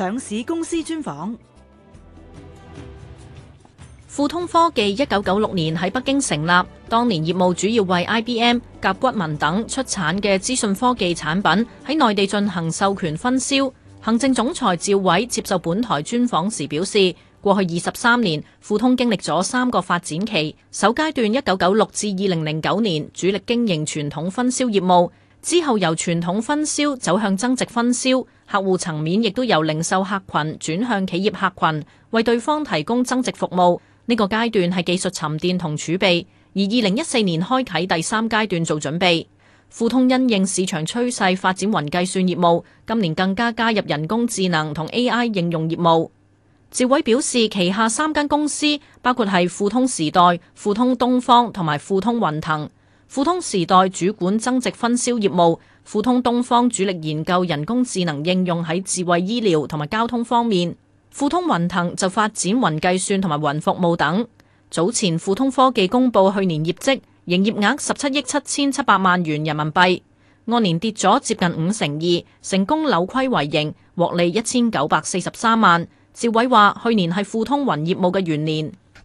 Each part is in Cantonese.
上市公司專訪。富通科技一九九六年喺北京成立，當年業務主要為 IBM、甲骨文等出產嘅資訊科技產品喺內地進行授權分銷。行政總裁趙偉接受本台專訪時表示，過去二十三年，富通經歷咗三個發展期。首階段一九九六至二零零九年，主力經營傳統分銷業務。之後由傳統分銷走向增值分銷，客戶層面亦都由零售客群轉向企業客群，為對方提供增值服務。呢個階段係技術沉澱同儲備，而二零一四年開啟第三階段做準備。富通因應市場趨勢發展雲計算業務，今年更加加入人工智能同 AI 應用業務。趙偉表示，旗下三間公司包括係富通時代、富通東方同埋富通雲騰。富通時代主管增值分銷業務，富通東方主力研究人工智能應用喺智慧醫療同埋交通方面，富通雲騰就發展雲計算同埋雲服務等。早前富通科技公布去年業績，營業額十七億七千七百萬元人民幣，按年跌咗接近五成二，成功扭虧為盈，獲利一千九百四十三萬。趙偉話：去年係富通雲業務嘅元年。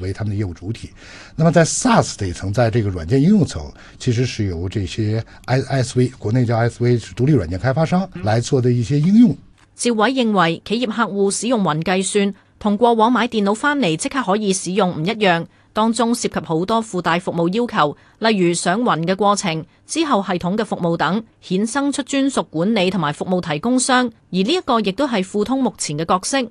為他們的業務主體，那麼在 SaaS 這一層，在這個軟件應用層，其實是由這些 ISV，國內叫 ISV 是獨立軟件開發商來做的一些應用。嗯。趙偉認為，企業客戶使用雲計算同過往買電腦翻嚟即刻可以使用唔一樣，當中涉及好多附帶服務要求，例如上雲嘅過程之後系統嘅服務等，衍生出專屬管理同埋服務提供商，而呢一個亦都係富通目前嘅角色。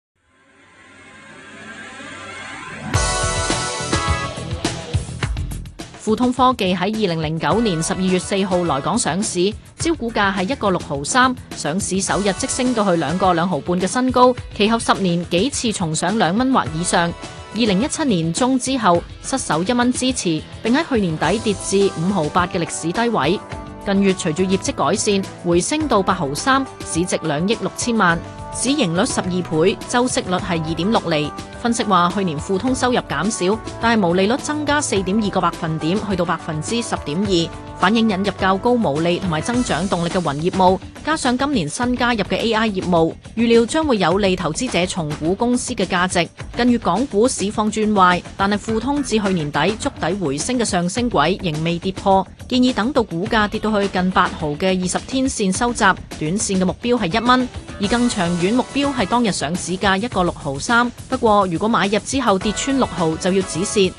富通科技喺二零零九年十二月四號來港上市，招股價係一個六毫三，上市首日即升到去兩個兩毫半嘅新高，其後十年幾次重上兩蚊或以上。二零一七年中之後失守一蚊支持，並喺去年底跌至五毫八嘅歷史低位。近月隨住業績改善，回升到八毫三，市值兩億六千萬。市盈率十二倍，周息率係二點六厘。分析話，去年富通收入減少，但係毛利率增加四點二個百分點，去到百分之十點二，反映引入較高毛利同埋增長動力嘅雲業務，加上今年新加入嘅 AI 業務，預料將會有利投資者重估公司嘅價值。近月港股市況轉壞，但係富通至去年底築底回升嘅上升軌仍未跌破。建議等到股價跌到去近八毫嘅二十天線收集，短線嘅目標係一蚊，而更長遠目標係當日上市價一個六毫三。不過如果買入之後跌穿六毫就要止蝕。